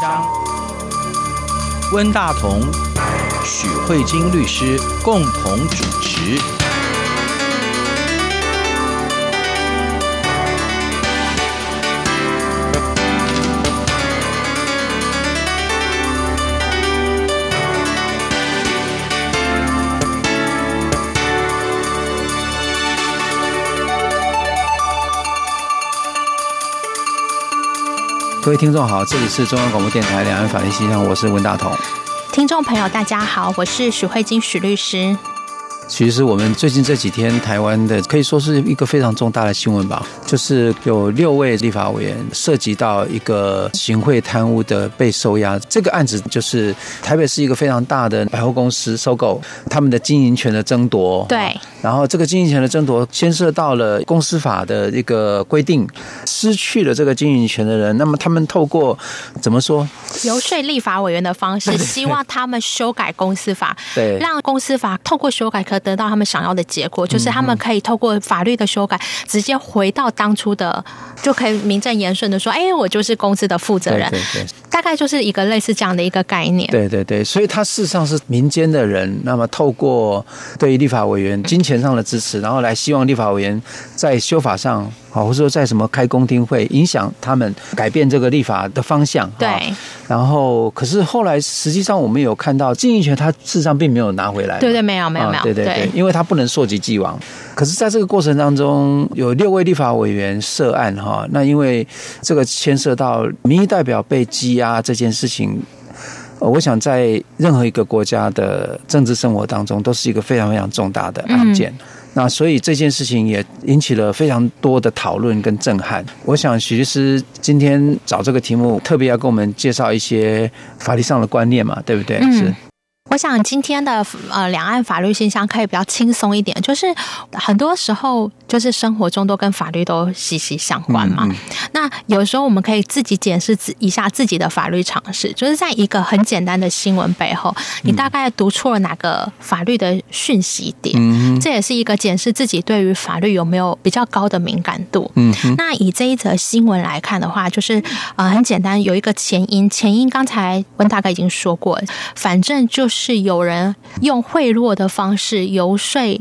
張溫大同、許慧晶律師共同主持。各位聽眾好，這裡是中央廣播電台兩岸法律氣象，我是文大同。聽眾朋友大家好，我是許慧金許律師。其實我們最近這幾天，台灣的可以說是一個非常重大的新聞吧，就是有六位立法委員涉及到一個行賄貪污的被收押。這個案子就是台北市一個非常大的百貨公司收購，他們的經營權的爭奪。對。然後這個經營權的爭奪，牽涉到了公司法的一個規定，失去了這個經營權的人，那麼他們透過怎麼說？遊說立法委員的方式，希望他們修改公司法， 對，讓公司法透過修改可。得到他們想要的結果，就是他們可以透過法律的修改，直接回到當初的，就可以名正言順的說：“哎，欸，我就是公司的負責人。”對對對，大概就是一個類似這樣的一個概念。對對對，所以他事實上是民間的人，那麼透過對於立法委員金錢上的支持，然後來希望立法委員在修法上。好，或者說在什麼開公聽會，影響他們改變這個立法的方向。對。然後，可是後來實際上我們有看到，經營權它事實上並沒有拿回來。對對，沒有沒有沒有、嗯。對對對，對因為它不能溯及既往。可是在這個過程當中，有六位立法委員涉案哈。那因為這個牽涉到民意代表被羈押這件事情，我想在任何一個國家的政治生活當中，都是一個非常非常重大的案件。嗯嗯那所以這件事情也引起了非常多的討論跟震撼。我想徐律師今天找這個題目，特別要給我們介紹一些法律上的觀念嘛，對不對？嗯、是。我想今天的呃兩岸法律現象可以比較輕鬆一點，就是很多時候。就是生活中都跟法律都息息相關嘛。Mm hmm. 那有時候我們可以自己檢視自一下自己的法律常識，就是在一個很簡單的新聞背後，你大概讀錯了哪個法律的訊息點？Mm hmm. 這也是一個檢視自己對於法律有沒有比較高的敏感度。嗯、mm，hmm. 那以這一則新聞來看的話，就是、呃、很簡單，有一個前因，前因剛才文大哥已經說過，反正就是有人用賄賂的方式游說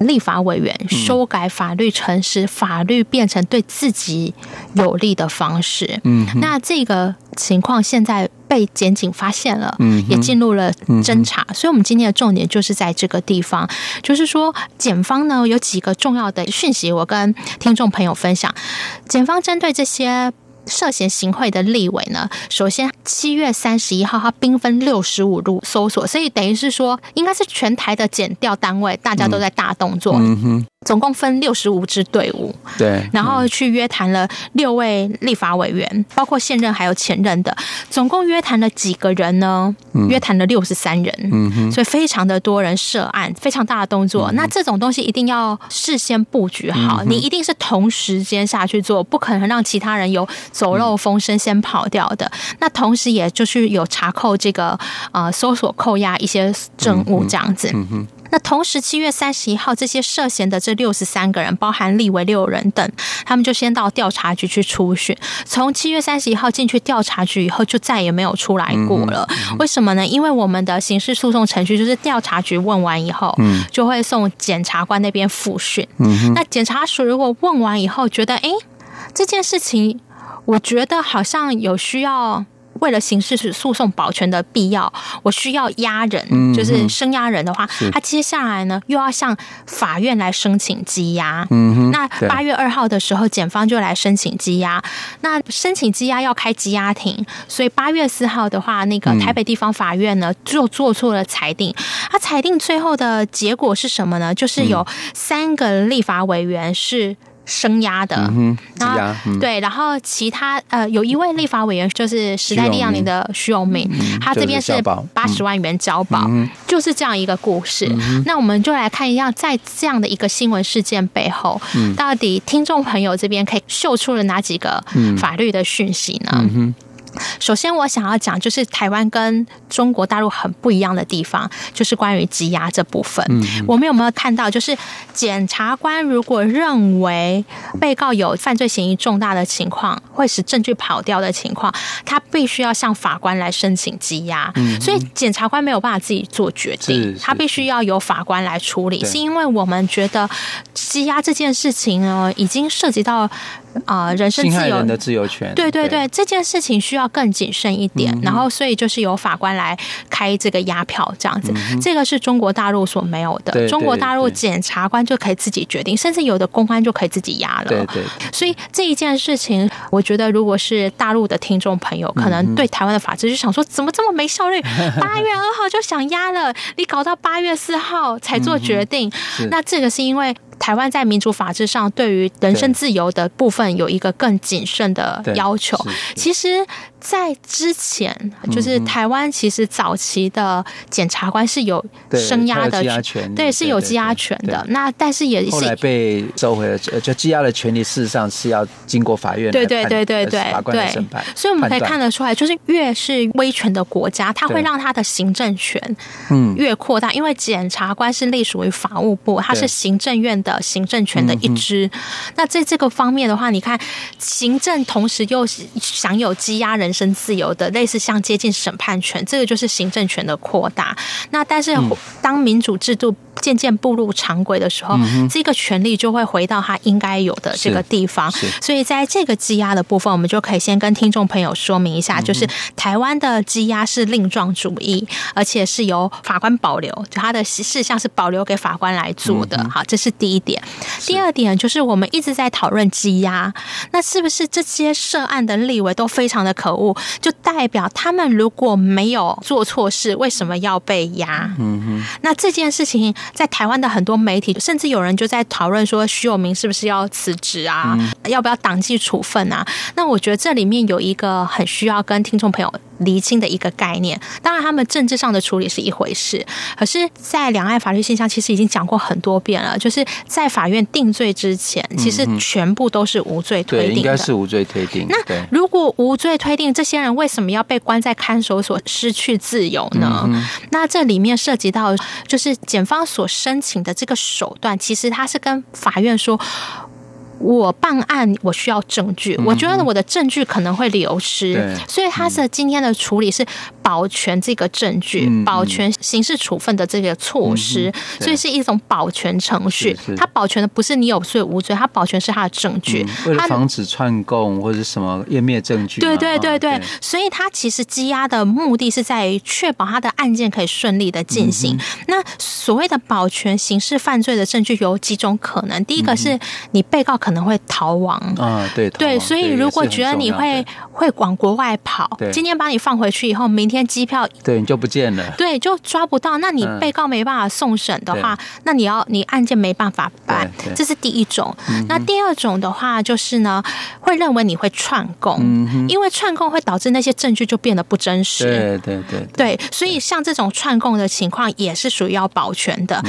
立法委員修改法律，誠實法律變成對自己有利的方式。嗯哼，那這個情況現在被檢警發現了，嗯哼，也進入了偵查。所以，我們今天的重點就是在這個地方，嗯、哼就是說，檢方呢有幾個重要的訊息，我跟聽眾朋友分享。檢方針對這些。涉嫌行賄的立委呢，首先七月三十一號，他兵分六十五路搜索，所以等於是說，應該是全台的檢調單位，大家都在大動作。嗯，嗯哼。總共分六十五支隊伍，對，然後去約談了六位立法委員，嗯、包括現任還有前任的，總共約談了幾個人呢？嗯、約談了六十三人，嗯哼，所以非常的多人涉案，非常大的動作。嗯、哼那這種東西一定要事先布局好，嗯、哼你一定是同時間下去做，不可能讓其他人有走漏風聲先跑掉的。嗯、那同時也就是有查扣這個、呃、搜索扣押一些證物這樣子，嗯哼。嗯哼那同時，七月三十一號，這些涉嫌的這六十三個人，包含立委六人等，他們就先到調查局去初訊。從七月三十一號進去調查局以後，就再也沒有出來過了。嗯嗯、為什麼呢？因為我們的刑事訴訟程序就是調查局問完以後，嗯、就會送檢察官那邊覆訊。嗯、哼那檢察署如果問完以後覺得，哎，這件事情，我覺得好像有需要。為了刑事訴訟保全的必要，我需要押人，嗯、哼就是生押人的話，是他接下來呢又要向法院來申請羈押。嗯哼那八月二號的時候，對檢方就來申請羈押。那申請羈押要開羈押庭，所以八月四號的話，那個台北地方法院呢，嗯、就做出了裁定。他裁定最後的結果是什麼呢？就是有三個立法委員是，聲押的，聲押，對，然後其他呃，有一位立法委員就是時代力量的徐永明，他這邊是八十萬元交保，嗯、哼就是這樣一個故事。嗯、哼那我們就來看一下，在這樣的一個新聞事件背後，嗯、哼到底聽眾朋友這邊可以嗅出了哪幾個法律的訊息呢？嗯首先，我想要講就是台灣跟中國大陸很不一樣的地方，就是關於羈押這部分。嗯嗯我們有沒有看到，就是檢察官如果認為被告有犯罪嫌疑重大的情況，會使證據跑掉的情況，他必須要向法官來申請羈押。嗯嗯所以檢察官沒有辦法自己做決定，他必須要由法官來處理。是，是，是，是因為我們覺得羈押這件事情呢，已經涉及到。啊，人身自由的自由權，對對對，這件事情需要更謹慎一點。然後，所以就是由法官來開這個押票，這樣子，這個是中國大陸所沒有的。中國大陸檢察官就可以自己決定，甚至有的公安就可以自己押了。對對。所以這一件事情，我覺得如果是大陸的聽眾朋友，可能對台灣的法治就想說，怎麼這麼沒效率？八月二號就想押了，你搞到八月四號才做決定，那這個是因為。台灣在民主法治上，對於人身自由的部分有一個更謹慎的要求。其實。在之前，就是台灣其實早期的檢察官是有羈押的權，對，是有羈押權的。那但是也是後來被收回了，就羈押的權利事實上是要經過法院來判，對對對對對，法官的審判。所以我們可以看得出來，就是越是威權的國家，它會讓它的行政權嗯越擴大，因為檢察官是隸屬於法務部，它是行政院的行政權的一支。那在這個方面的話，你看行政同時又是享有羈押人。人身自由的類似像接近審判權，這個就是行政權的擴大。那但是當民主制度，漸漸步入常規的時候，這個權力就會回到他應該有的這個地方。是是，所以，在這個羈押的部分，我們就可以先跟聽眾朋友說明一下，就是台灣的羈押是令狀主義，而且是由法官保留，就他的事項是保留給法官來做的。好，這是第一點。是 第二點就是我們一直在討論羈押，那是不是這些涉案的立委都非常的可惡？就代表他們如果沒有做錯事，為什麼要被押？嗯哼，那這件事情。在台灣的很多媒體，甚至有人就在討論說，徐永明是不是要辭職啊？嗯、要不要黨紀處分啊？那我覺得這裡面有一個很需要跟聽眾朋友。釐清的一個概念，當然他們政治上的處理是一回事，可是，在兩岸法律現象其實已經講過很多遍了，就是在法院定罪之前，嗯嗯其實全部都是無罪推定。對，應該是無罪推定。對，那如果無罪推定，這些人為什麼要被關在看守所失去自由呢？嗯嗯，那這裡面涉及到的就是檢方所申請的這個手段，其實他是跟法院說。我辦案，我需要證據。我覺得我的證據可能會流失，嗯嗯、所以他是今天的處理是保全這個證據，嗯嗯、保全刑事處分的這個措施，嗯嗯嗯、所以是一種保全程序。嗯嗯、他保全的不是你有罪無罪，他保全是他的證據，嗯、他為了防止串供或者什麼湮滅證據。對對對對，對所以他其實羈押的目的是在於確保他的案件可以順利的進行。嗯嗯、那所謂的保全刑事犯罪的證據有幾種可能？嗯嗯、第一個是你被告可。可能會逃亡啊，對對，所以如果覺得你會會往國外跑，今天把你放回去以後，明天機票對你就不見了，對，就抓不到。那你被告沒辦法送審的話，那你要你案件沒辦法辦，這是第一種。那第二種的話，就是呢，會認為你會串供，因為串供會導致那些證據就變得不真實，對對對，對。所以像這種串供的情況，也是屬於要保全的。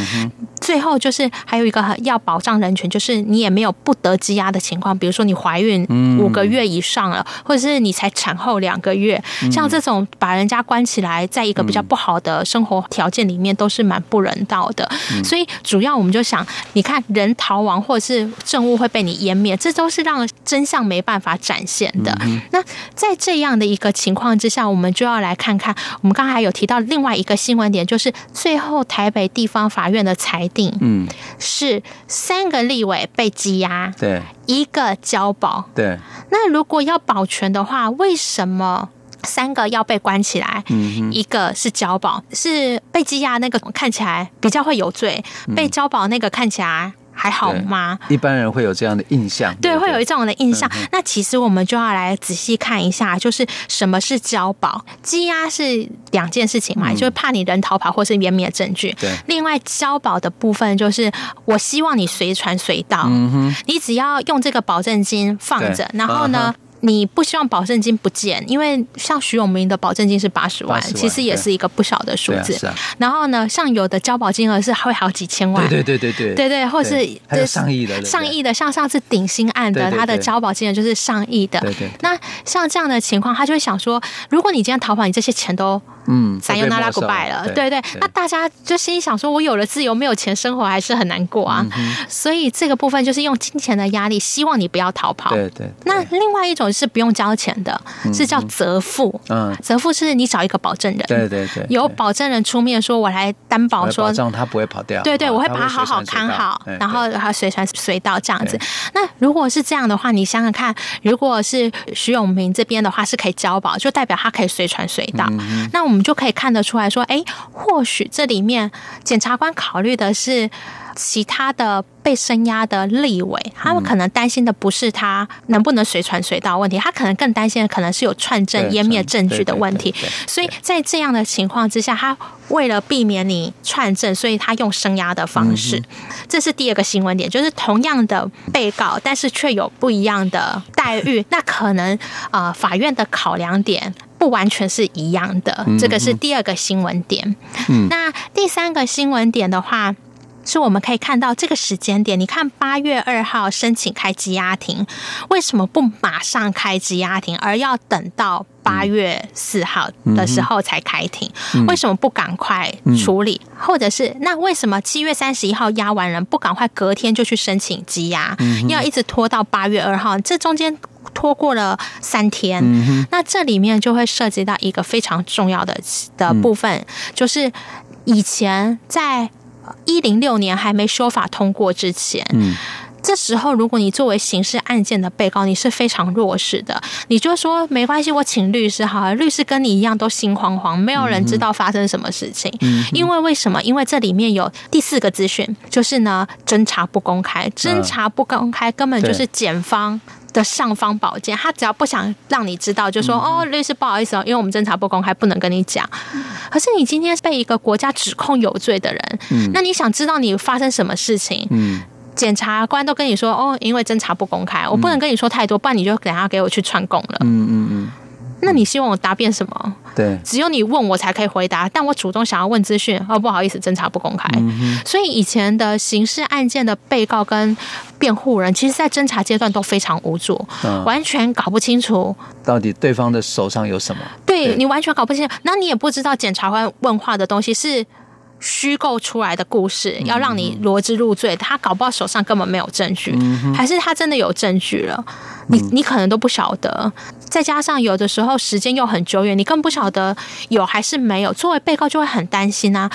最後就是還有一個要保障人權，就是你也沒有不得。和羈押的情況，比如說你懷孕五個月以上了，嗯、或者是你才產後兩個月，嗯、像這種把人家關起來，在一個比較不好的生活條件裡面，都是蠻不人道的。嗯、所以，主要我們就想，你看，人逃亡或者是證物會被你湮滅，這都是讓真相沒辦法展現的。嗯嗯、那在這樣的一個情況之下，我們就要來看看，我們剛才有提到另外一個新聞點，就是最後台北地方法院的裁定，嗯，是三個立委被羈押。對，一個交保，對，那如果要保全的話，為什麼三個要被關起來？嗯哼，一個是交保，是被羈押那個看起來比較會有罪，被交保那個看起來，還好嗎？一般人會有這樣的印象，對，對，對，會有一種的印象。嗯、哼那其實我們就要來仔細看一下，就是什麼是交保、羈押是兩件事情嘛，嗯、就是怕你人逃跑或是湮滅證據。對，另外交保的部分就是，我希望你隨傳隨到，嗯、哼你只要用這個保證金放着，對然後呢，嗯你不希望保證金不見，因為像徐永明的保證金是八十萬，其實也是一個不小的數字。然後呢，像有的交保金額是會好幾千萬，對對對對對對或是上億的上億的，像上次頂新案的，他的交保金額就是上億的。那像這樣的情況，他就會想說，如果你今天逃跑，你這些錢都。嗯，咱用那拉古拜了，對對，那大家就心裡想說，我有了自由，沒有錢生活還是很難過啊。所以這個部分就是用金錢的壓力，希望你不要逃跑。對對。那另外一種是不用交錢的，是叫責付。嗯，責付是你找一個保證人。對對對。有保證人出面說，我來擔保，說保證他不會跑掉。對對，我會把他好好看好，然後還隨傳隨到這樣子。那如果是這樣的話，你想想看，如果是徐永明這邊的話是可以交保，就代表他可以隨傳隨到。那我們。你就可以看得出來說，哎，或許這裡面檢察官考慮的是。其他的被聲押的立委，他們可能擔心的不是他能不能隨傳隨到問題，嗯、他可能更擔心的可能是有串證對湮滅證據的問題。所以在這樣的情況之下，他為了避免你串證，所以他用聲押的方式。嗯、哼這是第二個新聞點，就是同樣的被告，但是卻有不一樣的待遇。 那可能啊、呃，法院的考量點不完全是一樣的。嗯、哼這個是第二個新聞點。嗯、那第三個新聞點的話。是，我們可以看到這個時間點。你看，八月二號申請開羈押庭，為什麼不馬上開羈押庭，而要等到八月四號的時候才開庭？嗯嗯、為什麼不趕快處理？嗯、或者是那為什麼七月三十一號押完人不趕快隔天就去申請羈押，嗯、哼要一直拖到八月二號？這中間拖過了三天，嗯、哼那這裡面就會涉及到一個非常重要的的部分，嗯、就是以前在。一零六年還沒修法通過之前，嗯，這時候如果你作為刑事案件的被告，你是非常弱勢的。你就說沒關係，我請律師好了。律師跟你一樣都心慌慌，沒有人知道發生什麼事情。嗯、哼因為為什麼？因為這裡面有第四個資訊，就是呢，偵查不公開，偵查不公開，根本就是檢方、嗯。的尚方寶劍，他只要不想讓你知道，就說、嗯、哦，律師不好意思哦，因為我們偵查不公開，不能跟你講。嗯、可是你今天被一個國家指控有罪的人，嗯、那你想知道你發生什麼事情？檢、嗯、察官都跟你說哦，因為偵查不公開，我不能跟你說太多，嗯、不然你就等下給我去串供了。嗯嗯嗯那你希望我答辯什麼？嗯、對，只有你問我才可以回答。但我主動想要問資訊，哦，不好意思，偵查不公開。嗯、哼所以以前的刑事案件的被告跟辯護人，其實，在偵查階段都非常無助，嗯、完全搞不清楚到底對方的手上有什麼。對，你完全搞不清楚，對那你也不知道檢察官問話的東西是。虛構出來的故事，要讓你羅織入罪，嗯、哼他搞不好手上根本沒有證據，嗯、哼還是他真的有證據了，你、嗯、你可能都不曉得。再加上有的時候時間又很久遠，你更不曉得有還是沒有。作為被告就會很擔心啊！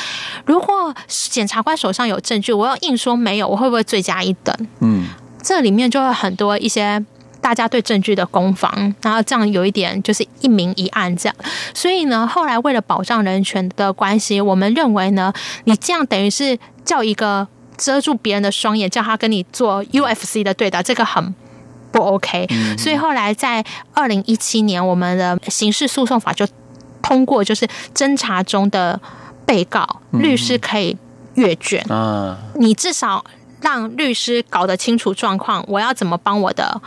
如果檢察官手上有證據，我要硬說沒有，我會不會罪加一等？嗯，這裡面就會很多一些。大家對證據的攻防，然後這樣有一點就是一明一暗這樣，所以呢，後來為了保障人權的關係，我們認為呢，你這樣等於是叫一個遮住別人的雙眼，叫他跟你做 UFC 的對打，這個很不 OK。嗯、哼所以後來在二零一七年，我們的刑事訴訟法就通過，就是偵查中的被告律師可以閱卷。啊、嗯哼，你至少。讓律師搞得清楚狀況，我要怎麼幫我的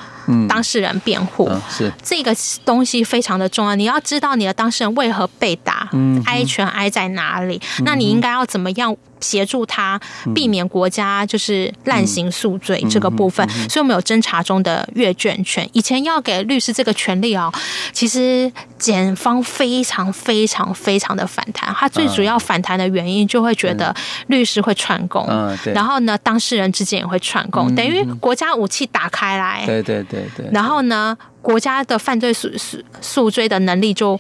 當事人辯護？嗯啊、是這個東西非常的重要。你要知道你的當事人為何被打，挨拳，嗯、哼挨在哪裡，嗯、哼那你應該要怎麼樣？協助他避免國家就是濫行訴罪、嗯、這個部分，嗯嗯嗯、所以我們有偵查中的閱卷權。以前要給律師這個權利啊，其實檢方非常非常非常的反彈。他最主要反彈的原因，就會覺得律師會串供，嗯嗯嗯嗯、對，然後呢，當事人之間也會串供，等於國家武器打開來，對、嗯嗯、對對對，然後呢，國家的犯罪訴訴訴追的能力就。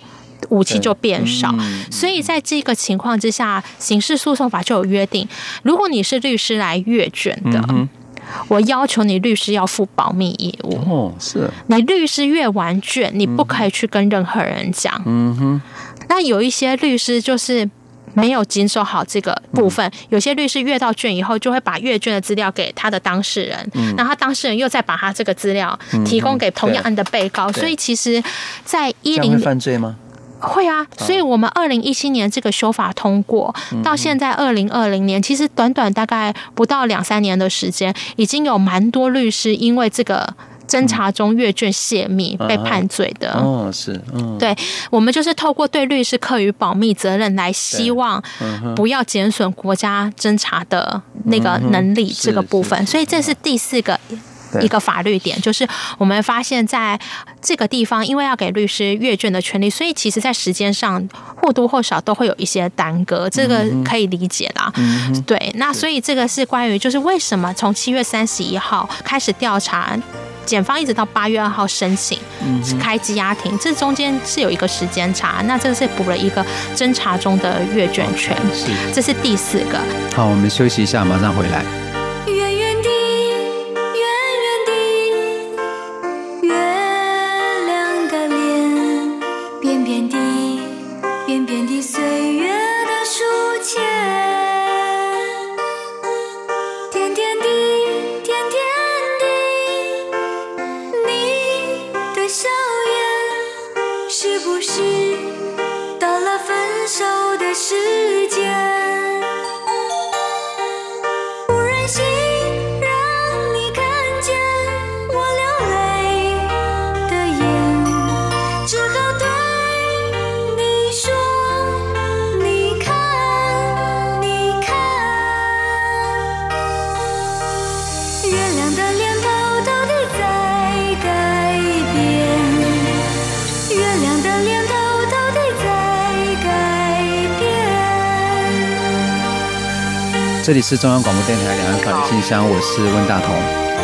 武器就變少，所以在這個情況之下，刑事訴訟法就有約定，如果你是律師來閱卷的，嗯、哼我要求你律師要負保密義務。哦，是你律師閱完卷，你不可以去跟任何人講。嗯哼，那有一些律師就是沒有遵守好這個部分，嗯、哼有些律師閱到卷以後，就會把閱卷的資料給他的當事人，嗯、哼然後他當事人又再把他這個資料提供給同樣案的被告，嗯、所以其實在10，在一零犯罪嗎？會啊，所以我們二零一七年這個修法通過，嗯、哼到現在二零二零年，其實短短大概不到兩三年的時間，已經有蠻多律師因為這個偵查中閱卷洩密、嗯、被判罪的、嗯。哦，是，嗯，對我們就是透過對律師課予保密責任，來希望不要減損國家偵查的那個能力這個部分。嗯、所以這是第四個。對一個法律點就是，我們發現，在這個地方，因為要給律師閱卷的權利，所以其實在時間上或多或少都會有一些耽擱，這個可以理解啦。嗯、哼對，那所以這個是關於就是為什麼從七月三十一號開始調查，檢方一直到八月二號申請開羈押庭，嗯、哼這中間是有一個時間差，那這是補了一個偵查中的閱卷權，嗯、哼這是第四個。好，我們休息一下，馬上回來。這裡是中央廣播電台兩岸法律信箱，好我是溫大同。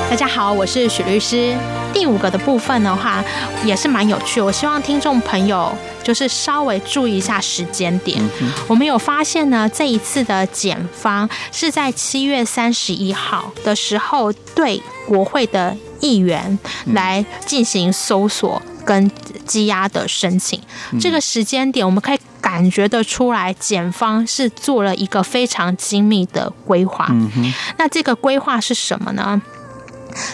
大家好，我是許律師。第五個的部分的話，也是蠻有趣。我希望聽眾朋友就是稍微注意一下時間點。嗯、哼我們有發現呢，這一次的檢方是在七月三十一號的時候，對國會的議員來進行搜索跟羈押的申請。嗯、這個時間點，我們可以。感覺得出來，檢方是做了一個非常精密的規劃。嗯哼。那這個規劃是什麼呢？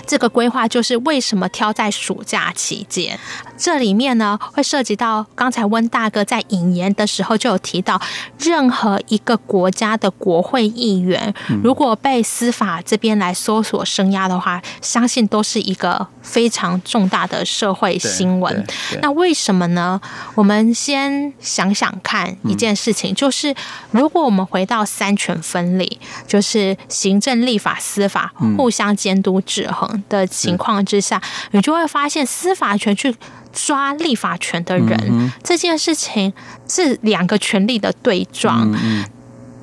這個規劃就是為什麼挑在暑假期間。這裡面呢，會涉及到剛才溫大哥在引言的時候就有提到，任何一個國家的國會議員，如果被司法這邊來搜索聲押的話，嗯、相信都是一個非常重大的社會新聞。那為什麼呢？我們先想想看一件事情，嗯、就是如果我們回到三權分立，就是行政、立法、司法互相監督制衡的情況之下，嗯、你就會發現司法權去。抓立法權的人、嗯、哼這件事情是兩個權力的對撞，嗯、哼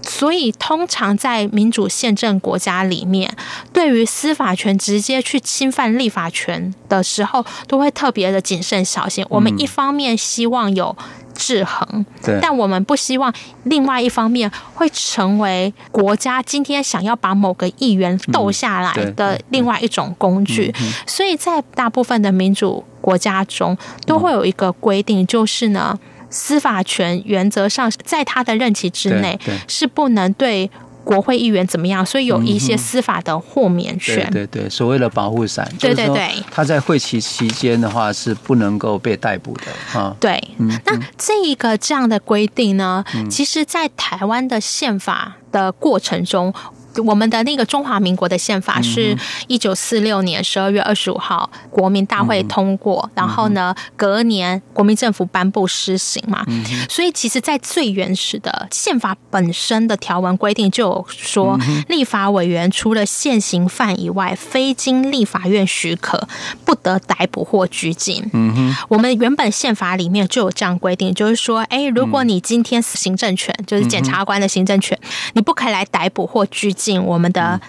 所以通常在民主憲政國家裡面，對於司法權直接去侵犯立法權的時候，都會特別的謹慎小心。我們一方面希望有，制衡，但我們不希望另外一方面會成為國家今天想要把某個議員鬥下來的另外一種工具，嗯嗯嗯嗯嗯、所以在大部分的民主國家中都會有一個規定，就是呢，司法權原則上在他的任期之內是不能對。國會議員怎麼樣？所以有一些司法的豁免權，嗯、對對對，所謂的保護傘，對對對，他在會期期間的話是不能夠被逮捕的啊。對，嗯、哼那這一個這樣的規定呢，其實，在台灣的憲法的過程中。嗯嗯我們的那個中華民國的憲法是一九四六年十二月二十五號國民大會通過，嗯、哼然後呢，隔年國民政府頒布施行嘛。嗯、哼所以其實，在最原始的憲法本身的條文規定就有說，嗯、哼立法委員除了現行犯以外，非經立法院許可，不得逮捕或拘禁。嗯、哼我們原本憲法裡面就有這樣規定，就是說，哎，如果你今天行政權，就是檢察官的行政權，嗯、哼你不可以來逮捕或拘禁。我們的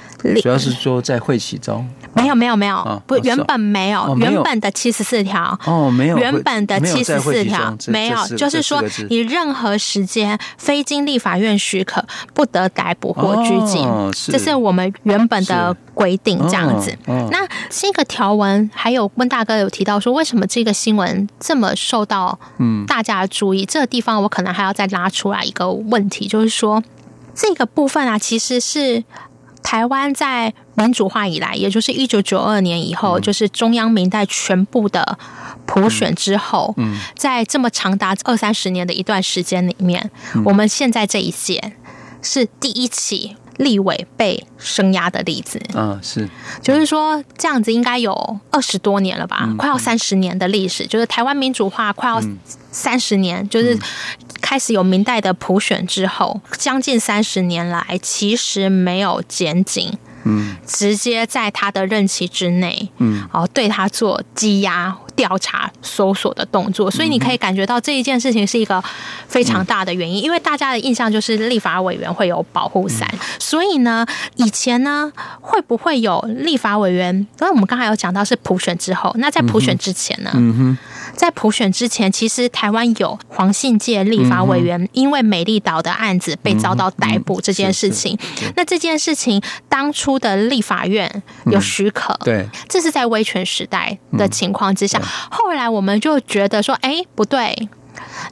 主要是說在會期中沒有沒有沒有不原本沒有，原本的七十四條哦，沒有原本的七十四條沒有，就是說以任何時間非經立法院許可不得逮捕或拘禁，這是我們原本的規定這樣子。那這個條文還有溫大哥有提到說為什麼這個新聞這麼受到嗯大家的注意？這個地方我可能還要再拉出來一個問題，就是說。這個部分啊，其實是台灣在民主化以來，也就是一九九二年以後，嗯、就是中央民代全部的普選之後，嗯嗯、在這麼長達二三十年的一段時間裡面，嗯、我們現在這一屆是第一起。立委被羈押的例子，嗯，是，就是說這樣子應該有二十多年了吧，嗯、快要三十年的歷史，就是台灣民主化快要三十年，嗯、就是開始有民代的普選之後，將近三十年來其實沒有檢警，嗯，直接在他的任期之內，嗯，哦，對他做羈押。調查搜索的動作，所以你可以感覺到這一件事情是一個非常大的原因，嗯、因為大家的印象就是立法委員會有保護傘，嗯、所以呢，以前呢會不會有立法委員？因為我們剛才有講到是普選之後，那在普選之前呢？嗯哼嗯哼在普選之前，其實台灣有黃信介立法委員，因為美麗島的案子被遭到逮捕這件事情。嗯嗯、那這件事情當初的立法院有許可、嗯，對，這是在威權時代的情況之下。嗯、後來我們就覺得說，哎、欸，不對，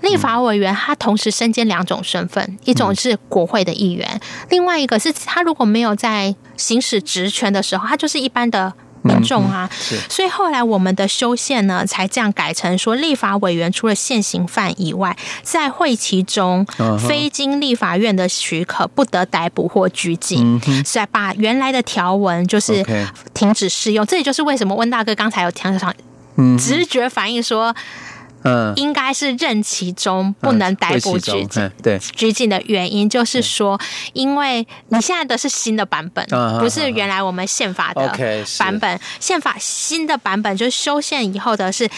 立法委員他同時身兼兩種身份，一種是國會的議員，嗯、另外一個是他如果沒有在行使職權的時候，他就是一般的。啊，嗯嗯、所以後來我們的修憲呢，才這樣改成說，立法委員除了現行犯以外，在會期中，非經立法院的許可，不得逮捕或拘禁。再、嗯、哼把原來的條文就是停止適用，Okay 這也就是為什麼溫大哥剛才有強調，嗯、哼直覺反應說。嗯，應該是任期中不能逮捕拘禁。對，拘禁的原因就是說，因為你現在的是新的版本，不是原來我們憲法的版本。憲法新的版本就是修憲以後的是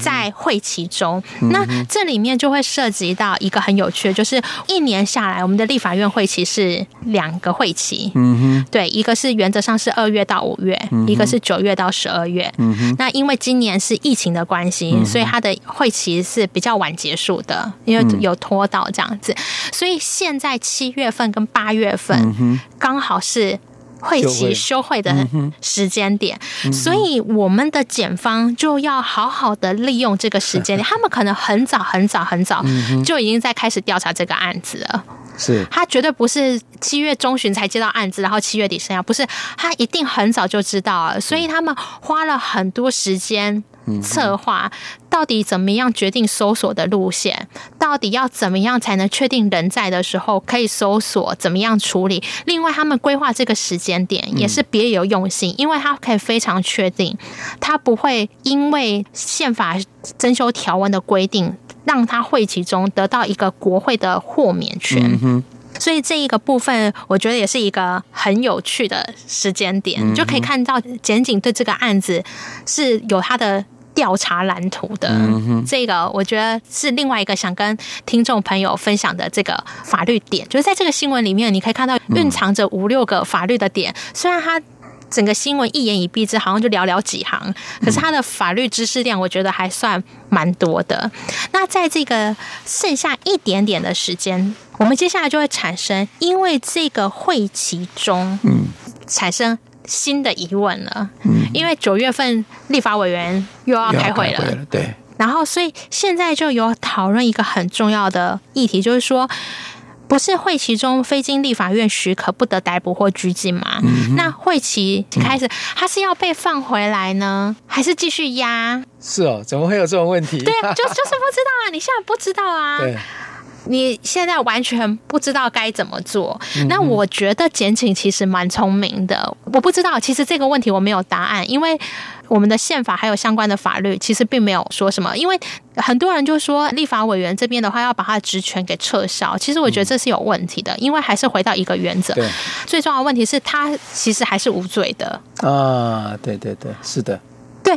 在會期中，那這裡面就會涉及到一個很有趣的，就是一年下來我們的立法院會期是兩個會期，嗯哼，對，一個是原則上是二月到五月，一個是九月到十二月，嗯哼，那因為今年是疫情的關係，所以它的會期。其實是比較晚結束的，因為有拖到這樣子，嗯、所以現在七月份跟八月份剛、嗯、哼好是會期休會、休會的時間點，嗯、哼所以我們的檢方就要好好的利用這個時間點。嗯、哼他們可能很早很早很早就已經在開始調查這個案子了，是他絕對不是七月中旬才接到案子，然後七月底生效，不是，他一定很早就知道了，所以他們花了很多時間。策劃到底怎麼樣決定搜索的路線？到底要怎麼樣才能確定人在的時候可以搜索？怎麼樣處理？另外，他們規劃這個時間點也是別有用心，嗯、因為他可以非常確定，他不會因為憲法增修條文的規定讓他會期中得到一個國會的豁免權。嗯、哼所以這一個部分，我覺得也是一個很有趣的時間點，嗯、哼就可以看到檢警對這個案子是有他的。調查藍圖的、嗯、哼這個，我覺得是另外一個想跟聽眾朋友分享的這個法律點，就是在這個新聞裡面，你可以看到蘊藏着五六個法律的點。嗯、雖然它整個新聞一言以蔽之，好像就寥寥幾行，可是它的法律知識量，我覺得還算蠻多的。嗯、那在這個剩下一點點的時間，我們接下來就會產生，因為這個會期中，嗯，產生。新的疑問了，嗯、哼因為九月份立法委員又要開會了，會了對。然後，所以現在就有討論一個很重要的議題，就是說，不是會期中非經立法院許可不得逮捕或拘禁嗎？嗯、哼那會期開始，嗯、他是要被放回來呢，還是繼續押？是哦，怎麼會有這種問題？對，就是、就是不知道啊， 你現在不知道啊。對。你現在完全不知道該怎麼做。嗯嗯，那我覺得檢警其實蠻聰明的。我不知道，其實這個問題我沒有答案，因為我們的憲法還有相關的法律其實並沒有說什麼。因為很多人就說立法委員這邊的話要把他的職權給撤銷，其實我覺得這是有問題的，嗯、因為還是回到一個原則。對，最重要的問題是他其實還是無罪的。啊，對對對，是的。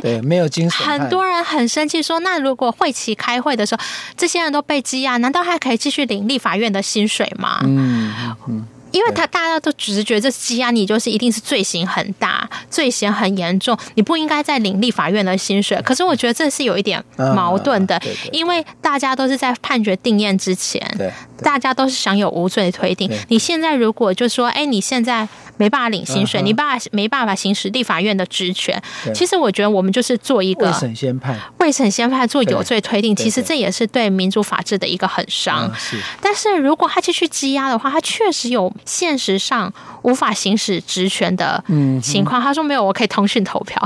對，對，沒有精神。很多人很生氣，說：“那如果會期開會的時候，這些人都被羈押，難道還可以繼續領立法院的薪水嗎？”嗯，嗯，因為他大家都只覺得這羈押你就是一定是罪行，很大，罪行很嚴重，你不應該再領立法院的薪水。對可是我覺得這是有一點矛盾的，因為大家都是在判決定讞之前。大家都是享有無罪推定。你現在如果就說，哎，你現在沒辦法領薪水，你爸沒辦法行使立法院的職權。其實我覺得我們就是做一個未審先判，未審先判做有罪推定。其實這也是對民主法治的一個很傷。但是如果他繼續羈押的話，他確實有現實上無法行使職權的情況。他說沒有，我可以通訊投票，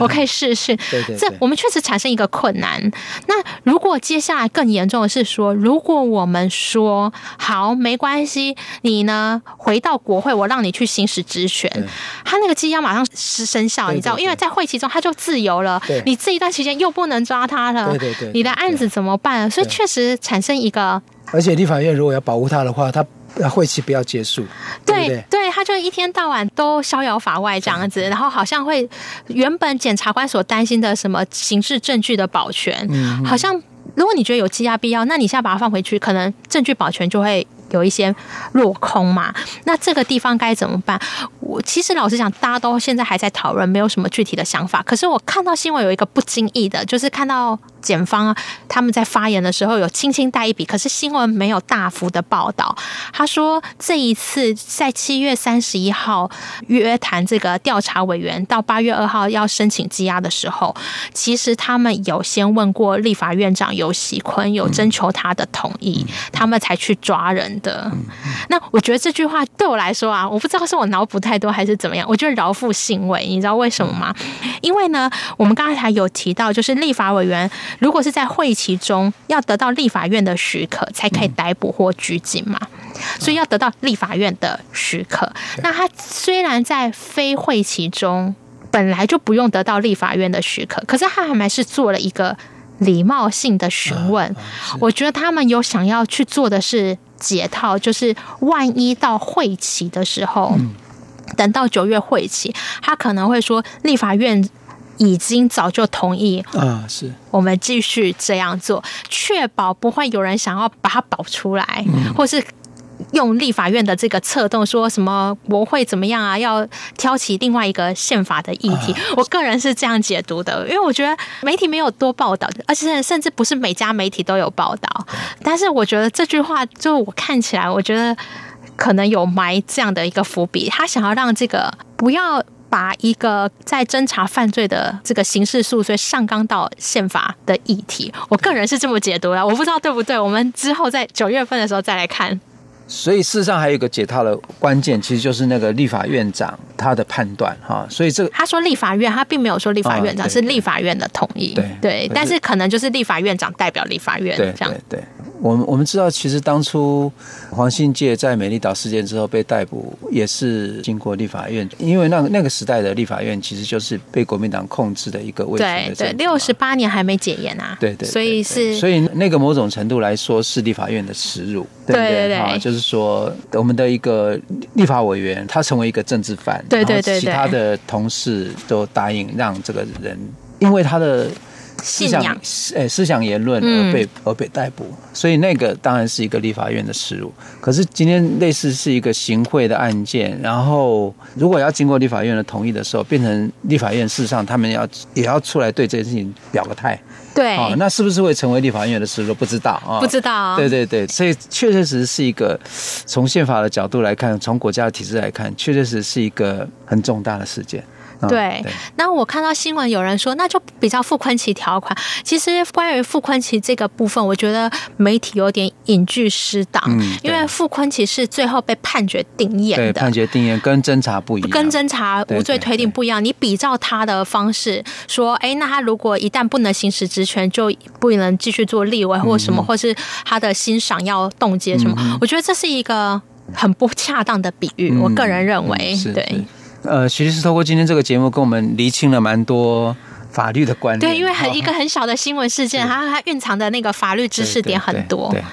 我可以試試。這我們確實產生一個困難。那如果接下來更嚴重的是說，如果我們說。說好，沒關係。你呢？回到國會，我讓你去行使職權。對他那個羈押馬上生效，對對對你知道，因為在會期中他就自由了。對你這一段時間又不能抓他了，對,對對，你的案子怎麼辦？對對對所以確實產生一個。而且，立法院如果要保護他的話，他會期不要結束。對對,對,對，他就一天到晚都逍遙法外這樣子，對然後好像會原本檢察官所擔心的什麼刑事證據的保全，嗯、哼好像。如果你覺得有羈押必要，那你現在把它放回去，可能證據保全就會有一些落空嘛。那這個地方該怎麼辦？我其實老實講，大家都現在還在討論，沒有什麼具體的想法。可是我看到新聞有一個不經意的，就是看到。檢方他們在發言的時候有輕輕帶一筆，可是新聞沒有大幅的報道。他說這一次在七月三十一號約談這個調查委員，到八月二號要申請羈押的時候，其實他們有先問過立法院長游錫堃，有徵求他的同意，他們才去抓人的。那我覺得這句話對我來說啊，我不知道是我腦補太多還是怎麼樣，我覺得饒富興味。你知道為什麼嗎？因為呢，我們剛才有提到，就是立法委員。如果是在會期中，要得到立法院的許可才可以逮捕或拘禁嘛。嗯、所以要得到立法院的許可。啊、那他雖然在非會期中本來就不用得到立法院的許可，可是他還是做了一個禮貌性的詢問。嗯、我覺得他們有想要去做的是解套，就是萬一到會期的時候，等到九月會期，他可能會說立法院。已經早就同意啊、嗯，是我們繼續這樣做，確保不會有人想要把它保出來，嗯、或是用立法院的這個策動說什麼，國會怎麼樣啊，要挑起另外一個憲法的議題。嗯、我個人是這樣解讀的，因為我覺得媒體沒有多報道，而且甚至不是每家媒體都有報道。嗯、但是我覺得這句話，就我看起來，我覺得可能有埋這樣的一個伏筆，他想要讓這個不要。把一個在偵查犯罪的這個刑事訴訟上綱到憲法的議題，我個人是這麼解讀的，我不知道對不對，我們之後在九月份的時候再來看。所以事實上還有一個解套的關鍵，其實就是那個立法院長他的判斷哈。所以這個他說立法院，他並沒有說立法院長，啊，是立法院的同意，對對。對，但是，可，是可能就是立法院長代表立法院對對，對對這樣我們我們知道，其實當初黃信介在美麗島事件之後被逮捕，也是經過立法院，因為那那個時代的立法院其實就是被國民黨控制的一個位置，啊對。對對，六十八年，還沒解嚴啊，對對，對對，所以是，所以那個某種程度來說，是立法院的恥辱。對對對，對，對，就是。就是說我們的一個立法委員，他成為一個政治犯，然後其他的同事都答應讓這個人因為他的思想，信仰、欸、思想言論而被，嗯、而被逮捕，所以那個當然是一個立法院的恥辱。可是今天類似是一個行賄的案件，然後如果要經過立法院的同意的時候，變成立法院事實上他們要也要出來對這件事情表個態。對、哦，那是不是會成為立法院的事都不知道啊？哦、不知道、哦，對對對，所以確確實實是一個從憲法的角度來看，從國家的體制來看，確確實實是一個很重大的事件。對，那、哦、我看到新聞有人說，那就比照傅崐萁條款。其實關於傅崐萁這個部分，我覺得媒體有點引據失當，嗯、因為傅崐萁是最後被判決定讞的，判決定讞跟偵查不一樣，跟偵查無罪推定不一樣。對對對，你比照他的方式說，哎，那他如果一旦不能行使職權，就不能繼續做立委、嗯、或者什麼，或是他的薪餉要凍結什麼？嗯、我覺得這是一個很不恰當的比喻，嗯、我個人認為，嗯嗯、是對。呃，其實是通過今天這個節目跟我們釐清了蠻多法律的觀念。對，因為很一個很小的新聞事件， 對它它蘊藏的那個法律知識點很多。對，對，對，對，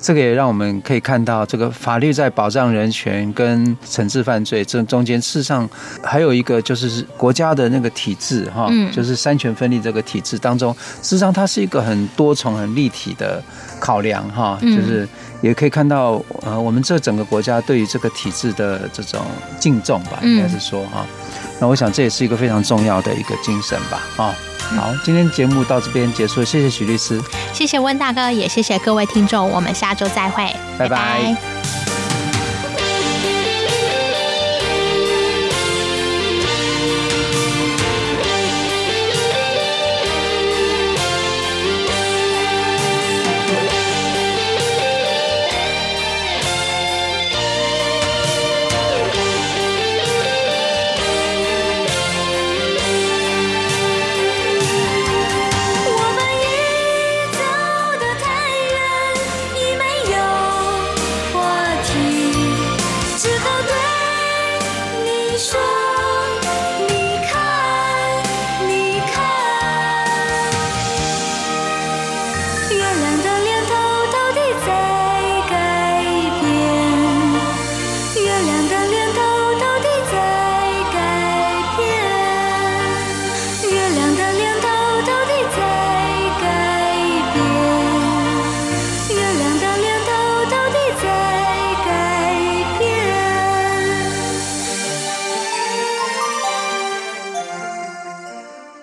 這個也讓我們可以看到，這個法律在保障人權跟懲治犯罪這中間，事實上還有一個就是國家的那個體制哈，就是三權分立這個體制當中，嗯、事實上它是一個很多重、很立體的考量哈，就是。也可以看到，呃，我們這整個國家對於這個體制的這種敬重吧，應該是說哈。嗯，那我想這也是一個非常重要的一個精神吧，啊。好，今天節目到這邊結束，謝謝許律師，謝謝溫大哥，也謝謝各位聽眾，我們下周再會，拜拜。